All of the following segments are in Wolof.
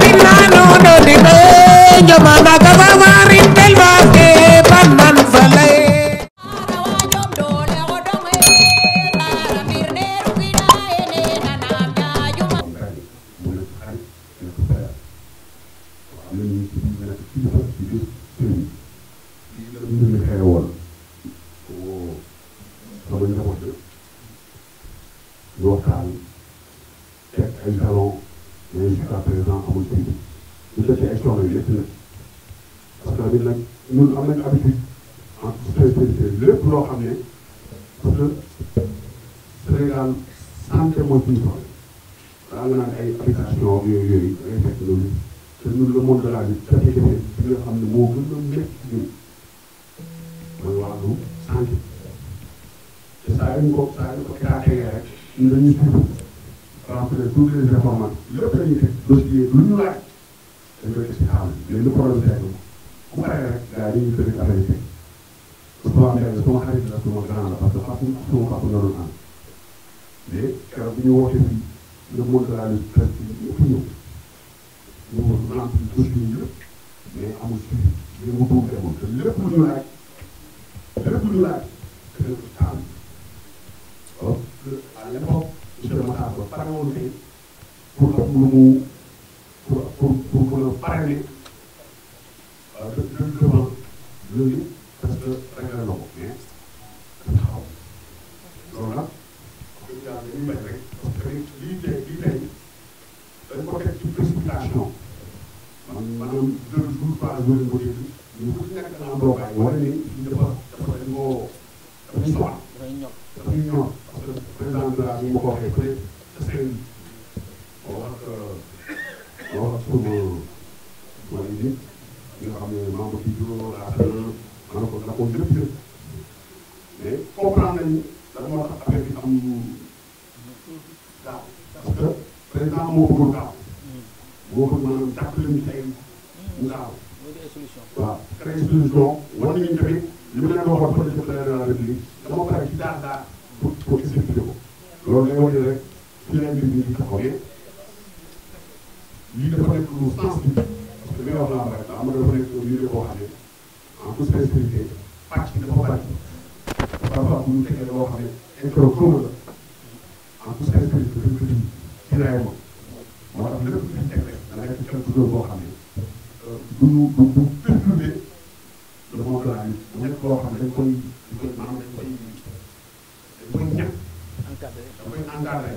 Baby nga xam ne moo gën a métti ñun mooy wàllu santé te saa yu ñu ko saa yu ko taategee rek nañu dugg remplir toutes les informations lépp la ñuy teg dossier lu ñu laaj dañ koy teg si xaalis léegi problème tegu ku paree rek gars yi dañuy tënk affaire yi teg suma am benn suma xarit la suma grand la parce que papa suma papa la doon am mais keroog bi ñu woote fii le monde de la lutte presque ñëpp ñëw ñu maanaam dossier yëpp mais amul suivi li mu dugg demul te lépp lu ñu laaj lépp lu ñu laaj kër taal donc à l'époque monsieur Matar Ba pare woon tey pour am lu mu pour pour pour mën a parrainer devant loolu parce que réglé na ko mais ci la mbir mi di taxawee lii dafa nekk lu sensible parce que li nga wax laa rek am na dafa nekk liggéey boo xam ne en toute sincérité pàcc bi dafa bari parfois bu ñu fekkee loo xam ne intérêt commun la en toute sincérité dañ ko di ci lay moom moo tax lépp luñ teg rek da nekk quelque chose boo xam ne du du du perturbé le monde la nit mu nekk loo xam ne dañ koy dañ koy maanaam dañ koy dañ koy ñàkk dañ koy encadré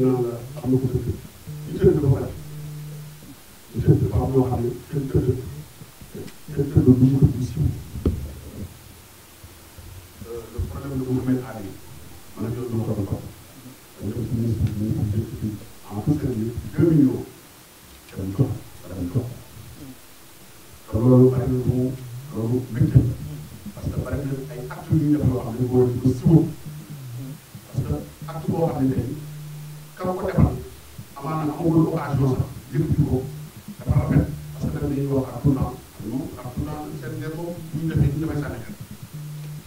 ñaan la am na ko bëgg dañuy wax ab naaw ñoom hmm, ab naaw seen njëriñ moom bu ñu defee ñu defee sànni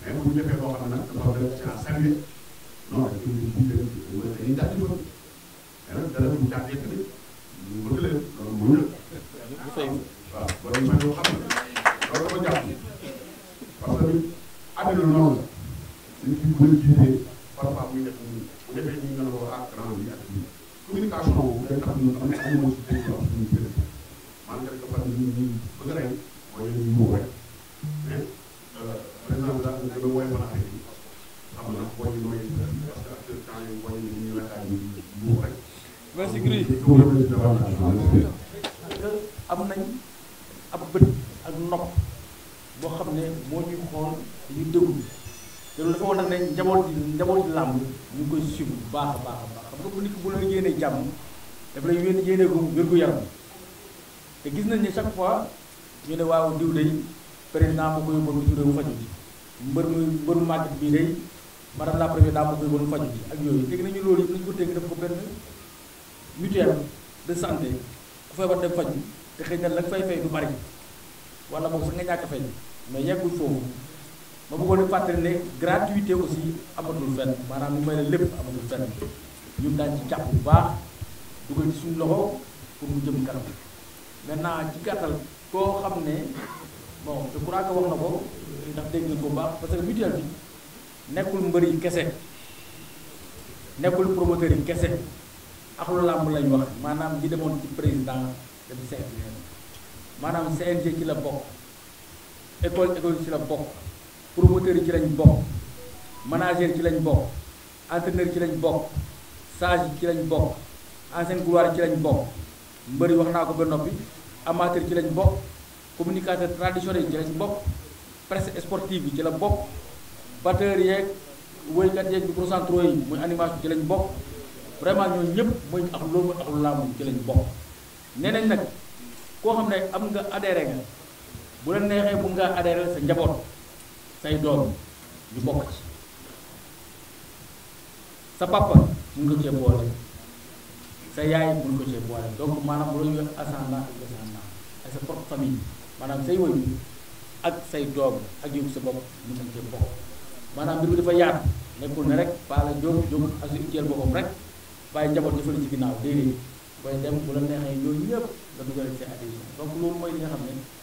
xel ñu defee loo xam ne nag dafa def ci la service xam ne moo ñuy xool dañuy déglu te loolu dafa war a ne njaboot yi njaboot yi làmb ñu ngi koy suivre bu baax baax baax a baax xam nga bu nit bu la yéenee jàmm daf lay yéene yéene ko wér-gu-yaram te gis nañ ne chaque fois ñu ne waaw diw day président moo koy yóbboon ci réewu faju ji mbër mu mbër mu màgget bii day madame la présidente moo koy yóbboon faju ji ak yooyu léegi nañu loolu yëpp nañu ko tënk def ko benn mutuelle de santé ku feebar dem faju te xëy na la nga fay fay du bari wala boog sax nga ñàkk fay mais yeggul foofu ma bëggoon di fàttali ne gratuité aussi amatul fenn maanaam lu may la lépp amatul fenn ñun daañu ci jàpp bu baax dugal ci suñu loxo pour mu jëm kanam maintenant ci gàttal koo xam ne bon je crois que wax na ko ndax dégg nga ko baax parce que mutuelle bi nekkul mbër yi kese nekkul promoteur yi kese axul lu làmb lañ wax maanaam ñi demoon ci président dem CNG maanaam CNG ci la bokk. école école ci la bokk promoteur yi ci lañ bokk manager ci lañ bokk entraîneur ci lañ bokk sage ci lañ bokk ancienne gloire ci lañ bokk mbër yi wax naa ko ba noppi amateur ci lañ bokk communicateur traditionnel ci lañ bokk presse sportive yi ci la bokk batteur yeeg woykat yeeg microcentro yi muy animation ci lañ bokk vraiment ñooñu ñëpp mooy ak loolu mooy ak laamu ci lañ bokk nee nañ nag koo xam ne am nga adhéré nga bu la neexee bu ngaa adhéré sa njaboot say doom ñu bokk ci sa papa mun nga cee boole sa yaay mun nga cee boole donc maanaam bu la ñuy wax ascendant ak descendant ak sa propre famille maanaam say wayu ak say doom ak yow sa bopp mun nga cee bokk maanaam mbir mi dafa yaatu nekkul ne rek Paa la jóg jóg ak su itteel boppam rek waaye njaboot dafa la ci ginnaaw déedéet booy dem bu la neexee yooyu yëpp nga dugal ci adhésion donc loolu mooy li nga xam ne.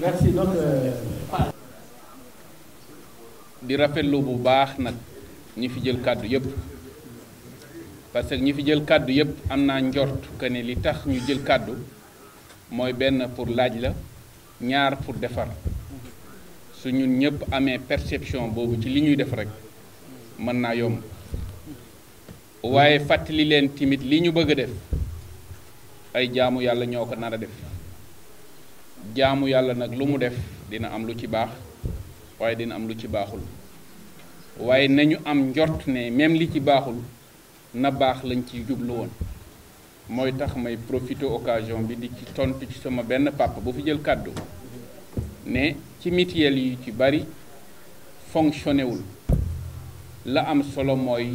merci donc euh, di bu baax nag ñi fi jël kàddu yëpp parce que ñi fi jël kàddu yëpp am naa njort que ne li tax ñu jël kàddu mooy benn pour laaj la ñaar pour defar su ñun ñëpp amee perception boobu ci li ñuy def rek mën naa yomb waaye fàttali leen timit li ñu bëgg a def ay jaamu yàlla ñoo ko nar a def. jaamu yàlla nag lu mu def dina am lu ci baax waaye dina am lu ci baaxul waaye nañu am njort ne même li ci baaxul na baax lañ ci jublu woon mooy tax may profité occasion bi di ci tontu ci sama benn papa bu fi jël kàddu ne ci mutuelle yi ci bari fonctionné wul la am solo mooy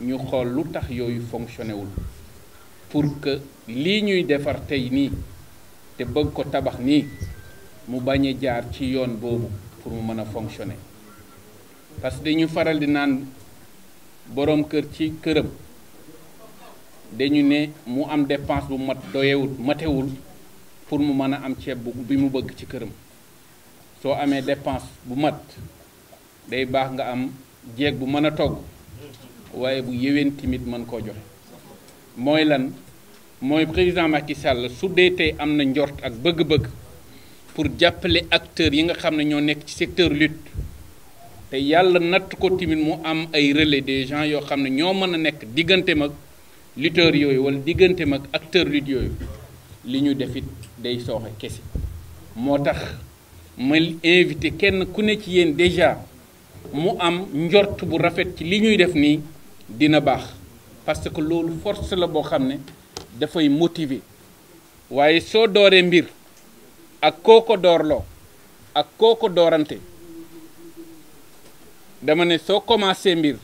ñu xool lu tax yooyu fonctionné wul pour que lii ñuy defar tey nii te bëgg ko tabax nii mu bañ jaar ci yoon boobu pour mu mën a fonctionner parce que dañu faral di naan boroom kër ci këram dañu ne mu am dépense bu mat doyewul matewul pour mu mën a am ceeb bu bi mu bëgg ci këram soo amee dépense bu mat day baax nga am jeeg bu mën a togg waaye bu yéwén timit mën koo joxe mooy lan mooy président Macky Sall su dee tey am na njort ak bëgg-bëgg pour jàppale acteurs yi nga xam ne ñoo nekk ci secteur lutte te yàlla natt ko tamit mu am ay relais des gens yoo xam ne ñoo mën a nekk digganteem ak lutteurs yooyu wala digganteem ak acteurs lutte yooyu li ñu def it day sooxe kese moo tax ma invité kenn ku ne ci yéen déjà mu am njort bu rafet ci li ñuy def nii dina baax parce que loolu force la boo xam ne. dafay motivé waaye soo dooree mbir ak koo ko doorloo ak koo ko doorante dama ne soo commencé mbir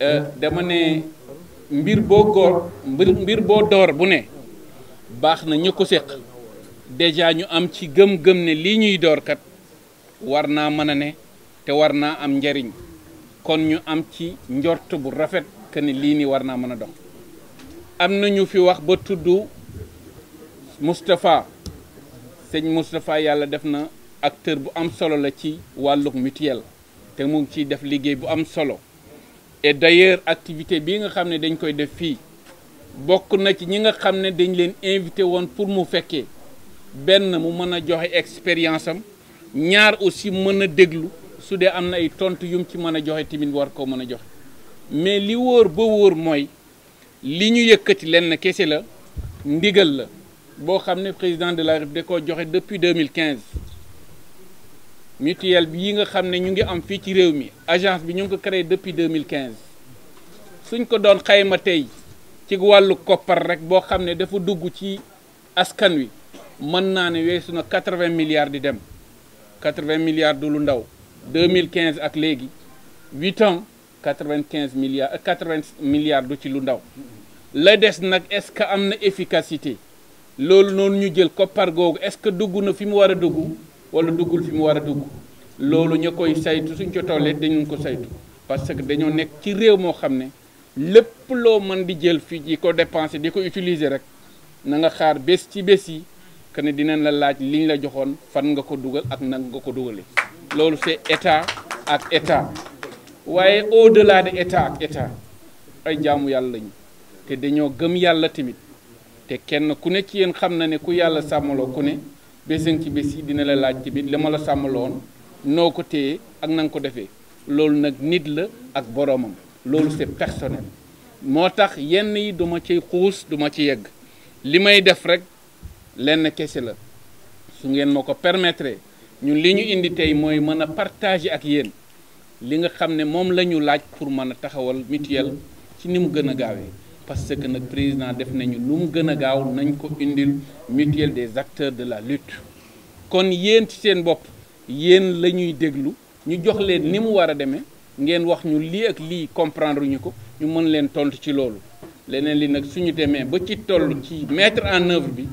euh, dama ne mbir boo góor mbir boo door bu ne baax na ñu ko séq déjà ñu am ci gëm-gëm ne lii ñuy door kat war naa mën a ne te war naa am njariñ kon ñu am ci njort bu rafet que ni lii nii war naa mën a dox am na ñu fi wax ba tudd Moustapha sëñ Moustapha yàlla def na acteur bu am solo la ci wàlluk mutuel te mu ngi ciy def liggéey bu am solo et d'ailleurs activité bii nga xam ne dañ koy def fii bokk na ci ñi nga xam ne dañ leen invité woon pour mu fekkee benn mu mën a joxe expérience am ñaar aussi mën a déglu su dee am na ay tontu yum ci mën a joxe tamit war koo mën a joxe mais li wóor ba wóor mooy li ñu yëkkati lenn kese la ndigal la boo xam ne président de la République de koo joxe depuis 2015 mutuelle bi yi nga xam ne ñu ngi am fii ci réew mi agence bi ñu ngi ko créé depuis 2015 suñ ko doon xayma tey ci wàllu koppar rek boo xam ne dafa dugg ci askan wi mën naa ne weesu na 80 milliards di dem 80 milliards du lu ndaw. 2015 ak léegi 8 ans 95 milliards 80 euh, milliards du ci lu ndaw la des nag est-ce que am na efficacité loolu noonu ñu jël koppar googu est-ce que dugg na fi mu war a dugg wala duggul fi mu war a dugg loolu ñu koy saytu suñ ko tollee dañu ko saytu parce que dañoo nekk ci réew moo xam ne lépp loo mën di jël fii di ko dépenser di ko utiliser rek na nga xaar bés ci bés yi. que ne dinañ la laaj liñ la joxoon fan nga ko dugal ak nag nga ko dugalee loolu c'est état ak état waaye au-delà de état ak état ay jaamu yàlla lañu te dañoo gëm yàlla tamit te kenn ku ne ci yéen xam na ne ku yàlla sàmmaloo ku ne bésan ci bés yi dina la laaj tamit li ma la sàmmaloon noo ko téye ak na nga ko defee loolu nag nit la ak boroomam loolu c'est personnel moo tax yenn yi duma ci xuus duma ci yegg li may def rek lenn kese la su ngeen ma ko permettre ñu li ñu indi tey mooy mën a partager ak yéen li nga xam ne moom la ñu laaj pour mën a taxawal mutuelle ci ni mu gën a gaawee parce que nag président def nañu lu mu gën a gaaw nañ ko indil mutuelle des acteurs de la lutte kon yéen ci seen bopp yéen la ñuy déglu ñu jox leen ni mu war a demee ngeen wax ñu lii ak lii comprendre ñu ko ñu mën leen tontu ci loolu leneen li nag suñu demee ba ci toll ci mettre en œuvre bi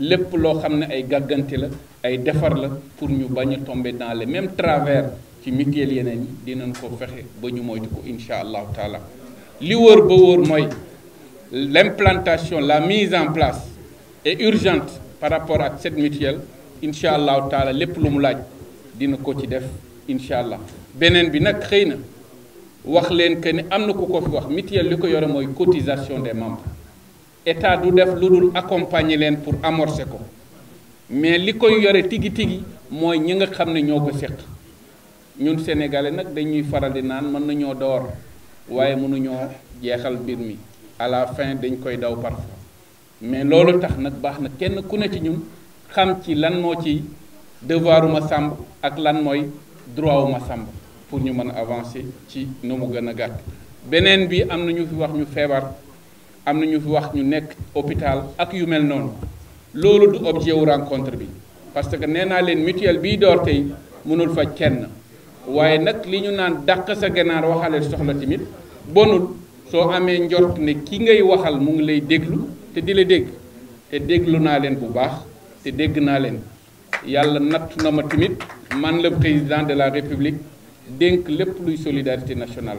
lépp loo xam ne ay gàggante la ay defar la pour ñu bañ a tomber dans les même travers ci Michel yeneen yi dinañ ko fexe ba ñu moytu ko incha allahu taala li wóor ba wóor mooy l'implantation la mise en place est urgente par rapport ak cette mutuelle incha allahu taala lépp lu mu laaj dina ko ci def incha allah beneen bi nag xëy na wax leen que ni am na ku ko fi wax mutuelle li ko yore mooy cotisation des membres. état du def lu dul accompagner leen pour amorcer ko mais li koy yore tigi tigi mooy ñi nga xam ne ñoo ko seq ñun sénégalais nag dañuy faral di naan mën nañoo door waaye mënuñoo jeexal mbir mi à fin dañ koy daw parfois mais loolu tax nag baax na kenn ku ne ci ñun xam ci lan moo ci devoiru Masamba ak lan mooy droit wu Masamba pour ñu mën a avancer ci nu mu gën a gàtt beneen bi am na ñu fi wax ñu feebar. am na ñu fi wax ñu nekk hôpital ak yu mel noonu loolu du objet wu rencontre bi parce que nee naa leen mutuelle biy door tey mënul fa kenn waaye nag li ñu naan dàq sa ganaar waxale soxla tamit bonul soo amee njort ni ki ngay waxal mu ngi lay déglu te di la dégg te déglu naa leen bu baax te dégg naa leen yàlla natt na ma tamit man la président de la république dénk lépp luy solidarité nationale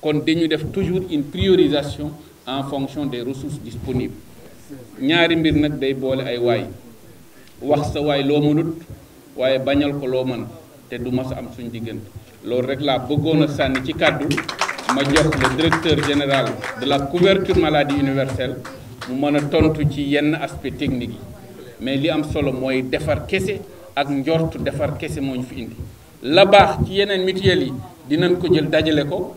kon dañu def toujours une priorisation en fonction des ressources disponibles ñaari mbir nak day boole ay waay wax sa waay loo mënut waaye bañal ko loo mën te du mas a am suñ diggante loolu rek laa bëggoon a sànni ci kàddu ma jox le directeur général de la couverture maladie universelle mu mën a tontu ci yenn aspect technique yi mais li am solo mooy defar kese ak njortu defar kese moo ñu fi indi la baax ci yeneen mutuel yi dinañ ko jël dajale ko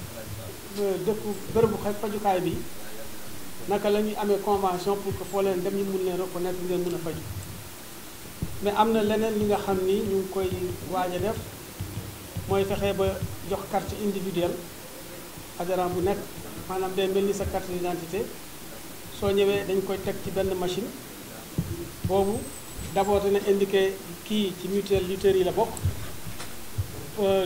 dëkku bërëbu xaj fajukaay bi naka la ñuy amee convention pour que foo leen dem ñu mun leen reconnaître ngeen mun a faju mais am na leneen li nga xam ni ñu ngi koy waaj def mooy fexe ba jox carte individuelle adhérent bu nekk maanaam day mel ni sa carte d'identité soo ñëwee dañ koy teg ci benn machine boobu d'abord na indiqué kii ci mutuel lutteurs yi la bokk. Euh,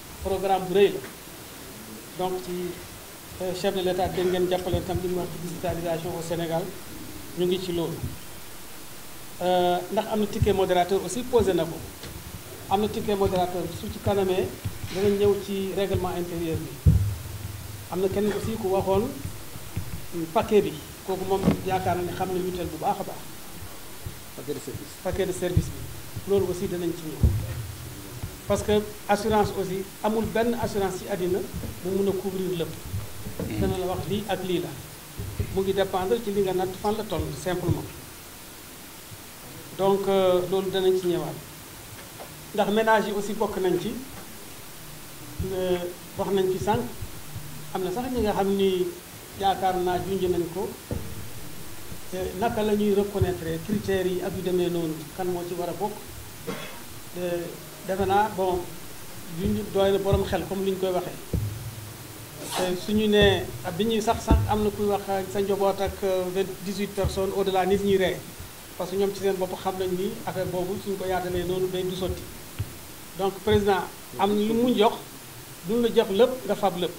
programme bu rëy la donc ci euh, chef de l'état dégg ngeen jàppale tam li mu wax ci digitalisation au Sénégal ñu ngi ci loolu euh, ndax am na ticket modérateur aussi posé na ko am na ticket modérateur su ci kanamee danañ ñëw ci règlement intérieur bi am na kenn aussi ku waxoon euh, paquet bi kooku moom yaakaar na ne xam na Unitel bu baax a baax paquet de service paquet de service bi loolu aussi danañ ci ñëw parce que assurance aussi amul ben assurance ci adina mu mun couvrir lépp hmm. dana la wax li ak li la mu ngi dépendre ci li nga natt fan la toll simplement donc euh, loolu dana ci ñëwaat ndax ménage yi aussi bok nañ ci euh, wax nañ ci sank amna sax ñi nga xam ni yaakaar naa junj nañ ko euh, naka la ñuy reconnaître critères yi ak yu demee noonu kan moo ci war a bokk defe naa bon ñu doy borom xel comme li ñu koy waxee te suñu nee bi ñuy sax sax am na kuy wax sa njaboot ak euh, vingt dix huit personnes au delà nit ñi ree parce que ñoom ci seen bopp xam nañ ni affaire boobu suñ ko yaatalee noonu day du sotti donc président am na lu mu jox duñ la jox lépp nga fab lépp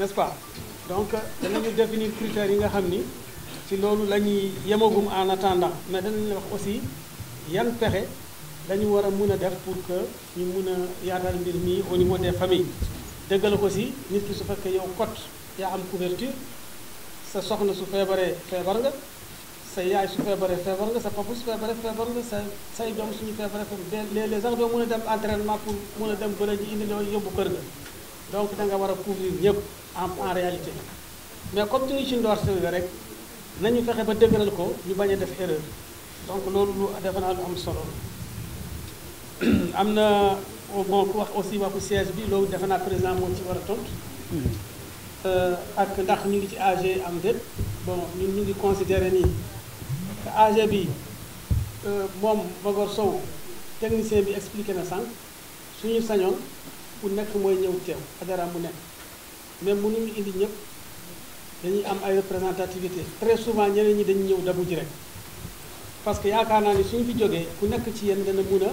n'est-ce pas donc danañu définir critères yi nga xam ni ci loolu la ñuy yemagum en attendant mais danañ wax aussi yan pexe dañu war a mun a def pour que ñu mun a yaatal mbir mi au niveau des familles dëggal ko si nit ki su fekkee yow cote yaa am couverture sa soxna su feebaree feebar nga sa yaay su feebaree feebar nga sa papa su feebaree feebar nga sa say doom suñu feebaree feebar léeg les sax doo mun a dem entraînement pour mun a dem bële ji indi loo yóbbu kër ga donc da nga war a couvrir ñëpp en en réalité mais comme ñu ci ndoorte bi rek nañu fexe ba dëgëral ko ñu bañ a def erreur donc loolu lu defe naa lu am solo. am na bon ku wax aussi waxu siège bi loolu defe naa président moom ci war a tontu. Euh, ak ndax ñu ngi ci age am déet bon ñun ñu ngi considéré nii que bi euh, moom Magor Sow technicien bi expliquer na sànq suñu sañoon ku nekk mooy ñëw teew adara bu nekk mais mënuñu indi ñëpp dañuy am ay représentativité très souvent ñeneen ñi dañuy ñëw dabu ji rek parce que yaakaar naa ni suñu fi jógee ku nekk ci yéen dana mun a.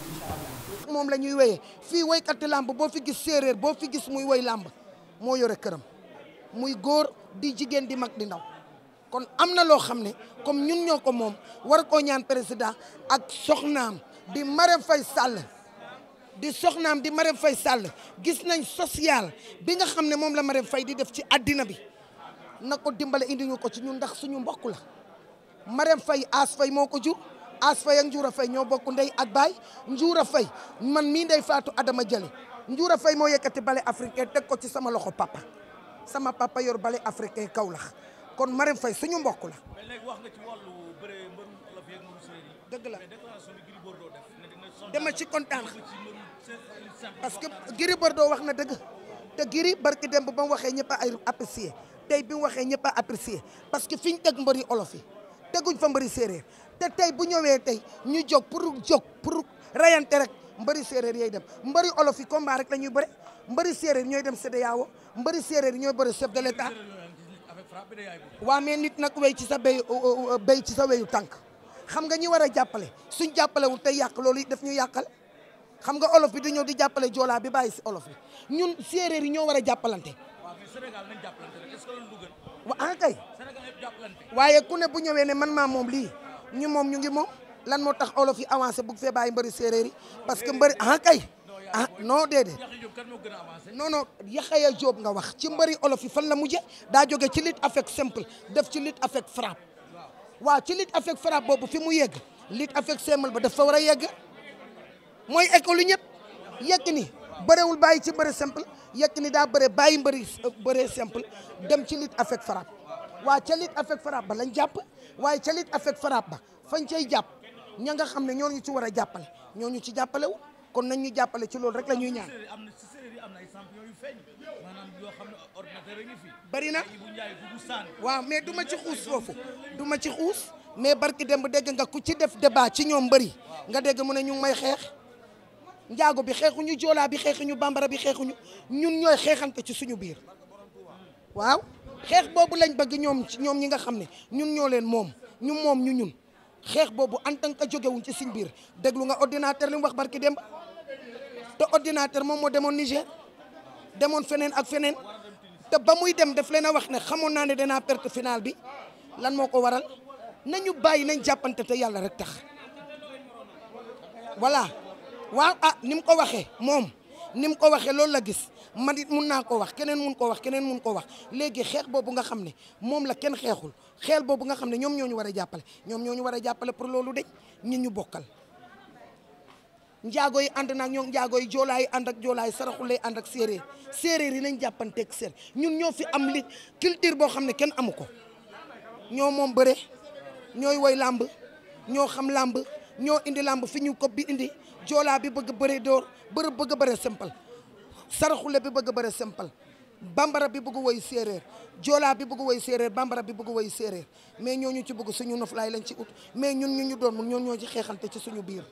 moom la ñuy woyee fii woykati làmb boo fi gis séeréer boo fi gis muy woy làmb moo yore këram muy góor di jigéen di mag di ndaw kon am na loo xam ne comme ñun ñoo ko moom war koo ñaan président ak soxnaam di Marème fay sàll di soxnaam di Marème fay sàll gis nañ social bi nga xam ne moom la Marème fay di def ci àddina bi na ko dimbale indi ñu ko ci ñun ndax suñu mbokk la Marème Faye Aas Faye moo ko jur As yang ak Ndioura Faye ñoo bokk ndey ak baay Ndioura Faye man mii ndey Faatu Adama Jële Ndioura Faye moo yëkkati africain ko ci sama loxo papa sama papa yor bale africain kaulah kon Marème Faye suñu mbokk la. mais léegi wax nga ci wàllu bëre mbërum olof yeeg mbërum séeréer yi. la déclaration bi Gris Bordeaux def. dama ci kontaan parce que Gris Bordeaux wax na dëgg te barki dem ba mu waxee ay apprécié tey bi mu waxee parce que teg mbëri yi teguñ fa te tey bu ñëwee tey ñu jog pour jóg pour rayante rek mbëri séeréer yooyu dem mbëri olof yi combat rek la bëre mbëri séeréer ñooy dem CEDEAO mbëri séeréer ñooy bëri chef de l'état waa mais nit nag wéy ci sa béy béy ci sa wéyu tànk xam nga ñi war a jàppale suñ jàppalewul tey yàq loolu daf ñu yàqal xam nga olof bi di ñëw di jàppale joolaa bi bàyyi si olof bi ñun séeréer yi ñoo war a jàppalante waa ah kay waaye ku ne bu ñëwee ne man maa moom lii ñu moom ñu ngi moom lan moo tax olof yi avancé bug fee bàyyi mbëri séeréer yi parce que mbëri ah kay ah non déedéet non non Yaxaya Jóob nga wax ci mbëri olof yi fan la mujje daa jóge ci lutte avec simple def ci lutte avec frappe waa ci lutte avec frappe boobu fi mu yegg lutte avec simple ba def fa war a yegg mooy école yi ñëpp yegg ni bërewul bàyyi ci mbëri simple yegg ni daa bëre bàyyi mbëri euh, bëre simple dem ci lutte avec frappe waa ca lutte avec ba lañ jàpp waaye ca lutte avec frappe ba fañ cay jàpp ña nga xam ne ñoo ñu ci war a jàppale ñoo ñu ci jàppale kon nañ ñu jàppale ci loolu rek la ñuy ñaan. am na si séeréer yi am na ay champion yu feeñ maanaam yoo bari na waaw mais du ma ci xuus foofu du ma ci xuus mais barki dem bu dégg nga ku ci def débat ci ñoom bëri nga dégg mu ne ñu may xeex. njaago bi xeexuñu joolaa bi ñu bambara bi xeexuñu ñun ñooy xeexante ci suñu biir waaw. xeex boobu lañ bëgg ñoom ñoom ñi nga xam ne ñun ñoo leen moom ñu moom ñu ñun xeex boobu en tant que jógewuñ ci suñ biir déglu nga ordinateur li mu wax barki démb te ordinateur moom moo demoon Niger demoon feneen ak feneen te ba muy dem def leen a wax ne xamoon naa ne danaa perte finale bi lan moo ko waral nañu bàyyi nañ jàppante te yàlla rek tax voilà waaw ah ni mu ko waxee moom ni mu ko waxee loolu la gis man mun naa ko wax keneen mun ko wax keneen mun ko wax léegi xeex boobu nga xam ne moom la kenn xeexul xeel boobu nga xam ne ñoom ñoo ñu war a jàppale ñoom ñoo war a jàppale pour loolu de ñi ñu bokkal. njaago yi ànd naag ñoom njaago yi joolaa yi ànd ak joolaa yi saraxule ànd ak séeréer séeréer yi nañ jàppanteeg séer ñun ñoo fi am li culture boo xam ne kenn amu ko ñoo moom bëre ñooy woy làmb ñoo xam làmb ñoo indi làmb fi ñu ko bi indi jola bi bëgg bëre dóor bërëb bëgg bëre simple saraxule bi bëgg bëre simple bambara bi bëgg woy séeréer jola bi bëgg woy séeréer bambara bi bëgg woy séeréer mais ñooñu ci bëgg suñu noflaay lañ ci ut mais ñun ñu ñu doon mun ñoo ci xeexante ci suñu biir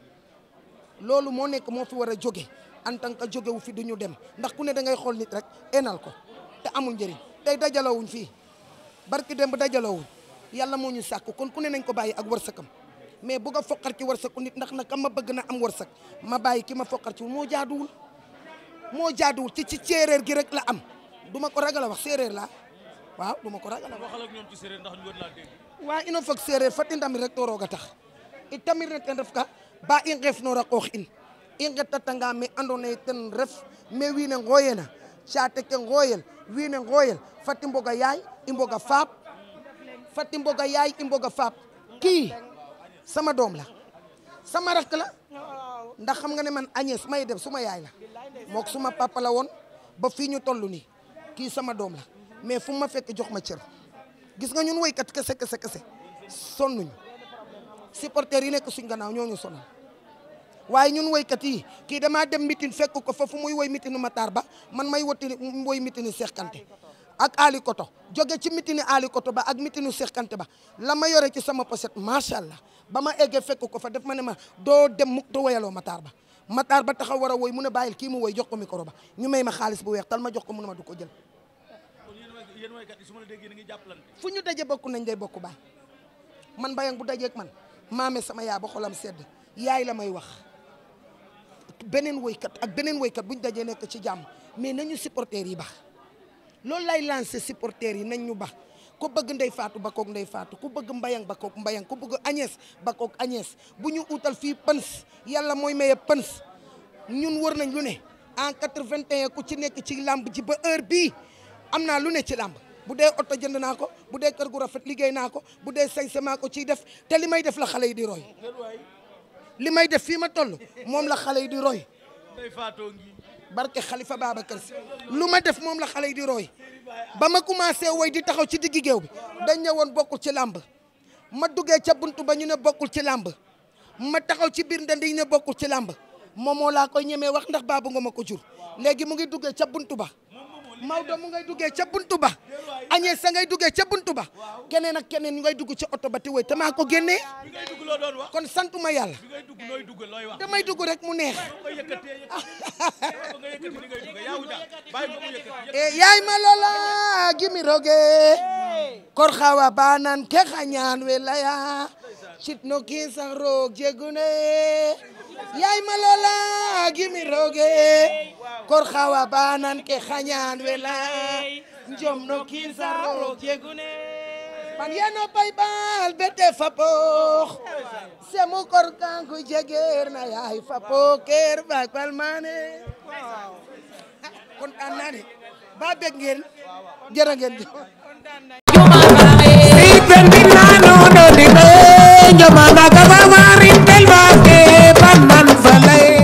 loolu moo nekk moo fi war a en tant que fi duñu dem ndax ku ne da ngay nit rek enal ko te amul njëriñ tey dajalawuñ fi barki dem ba dajalawuñ yàlla moo ñu sàkk kon ku ne nañ ko ak mais bu nga foqar ci wërsëgu nit ndax na ka ma bëgg na am wërsëg ma bàyyi ki ma foqar ci moo jaaduwul moo jaaduwul ci ci séeréer gi rek la am duma ko ragal a wax séeréer laa waaw ko ragal a wax. waxal ak ñoom ci ino foog séeréer fat i ndamir rek to roog a tax i tamir ne ref ka ba i ngeefnoor a qoox in i ngetatanga me andoona yee ref me wiin we ngooyeena caate ke ngooyel wiin we ngooyel yaay i mbog faap fat i yaay i mbog faap kii sama doom la sama rakk la ndax xam nga ne man Agnès su may dem su ma yaay la mook suma papa woon ba fii ñu toll nii kii sama doom la mais fu ma fekk jox ma cër gis nga ñun woykat kese kese nu sonnuñu supporters yi nekk suñ gannaaw ñoo ñu sonal waaye ñun woykat yi kii damaa dem mitin fekk ko fa fu muy woy ma taar Ba man may wotti woy mitinu Cheikh Kanté ak Ali Koto jóge ci mitini Ali Koto ba ak mitinu Cheikh Kanté ba la ma yore ci sama poset macha allah ba ma eggee fekk ko fa def ma ne ma doo dem mukk doo woyaloo Matar ba Matar ba taxaw war a woy mu a bàyyil kii mu woy jox ko micro ba ñu may ma xaalis bu weex tal ma jox ko mun ma du ko jël. su ma la déggee ni ngi jàppalante. fu ñu daje bokku nañ day bokk ba man Mbayang bu dajeeg man maame sama yaa ba xolam sedd yaay la may wax. beneen woykat ak beneen woykat bu ñu dajee nekk ci jàmm mais nañu supporter yi baax. loolu lay lancé supporters yi nañ ñu bax ku bëgg ndey faatu ba kook ndey faatu ku bëgg mbayang ba kook mbayang ku bëgg agnès ba koog agnès bu ñu utal fii pëns yàlla mooy maye pëns ñun wër nañ lu ne en 81 ku ci nekk ci làmb ji ba heure bii am naa lu ne ci làmb bu dee oto jënd naa ko bu dee kër gu rafet liggéey naa ko bu dee sañse maa ko ciy def te li may def la xale yi di roy li may def fii ma toll moom la xale yi di roy barke xalifa Babacar si lu ma def moom la xale yi di roy ba ma commencé woy di taxaw ci diggi géew bi dañ ne woon bokkul ci làmb ma duggee ca buntu ba ñu ne bokkul ci làmb ma taxaw ci biir ndand yi ne bokkul ci làmb moom moo laa koy ñemee wax ndax baabu nga ma ko jur léegi mu ngi duggee ca buntu ba Maodo mu ngay duggee ca buntu ba a sa ngay duggee ca buntu ba keneen ak keneen ngay dugg ca oto ba te wéy te maa ko génnee kon santuma yàlla damay dugg rek mu neex eh, yaay ma lola gimi roge kor xawa banan ke xañaan we laya cit no kiin sax roog jegune yaay malola gimi roge kor xawa banan ke xañaan wela njom no kiin saro jegune man yano bay baal bete fapoox semu kor kanku jegeer na yaay fapookeer baak bal maane kontaan naa de ba bég ngeen jërë ngeen jëf man man falay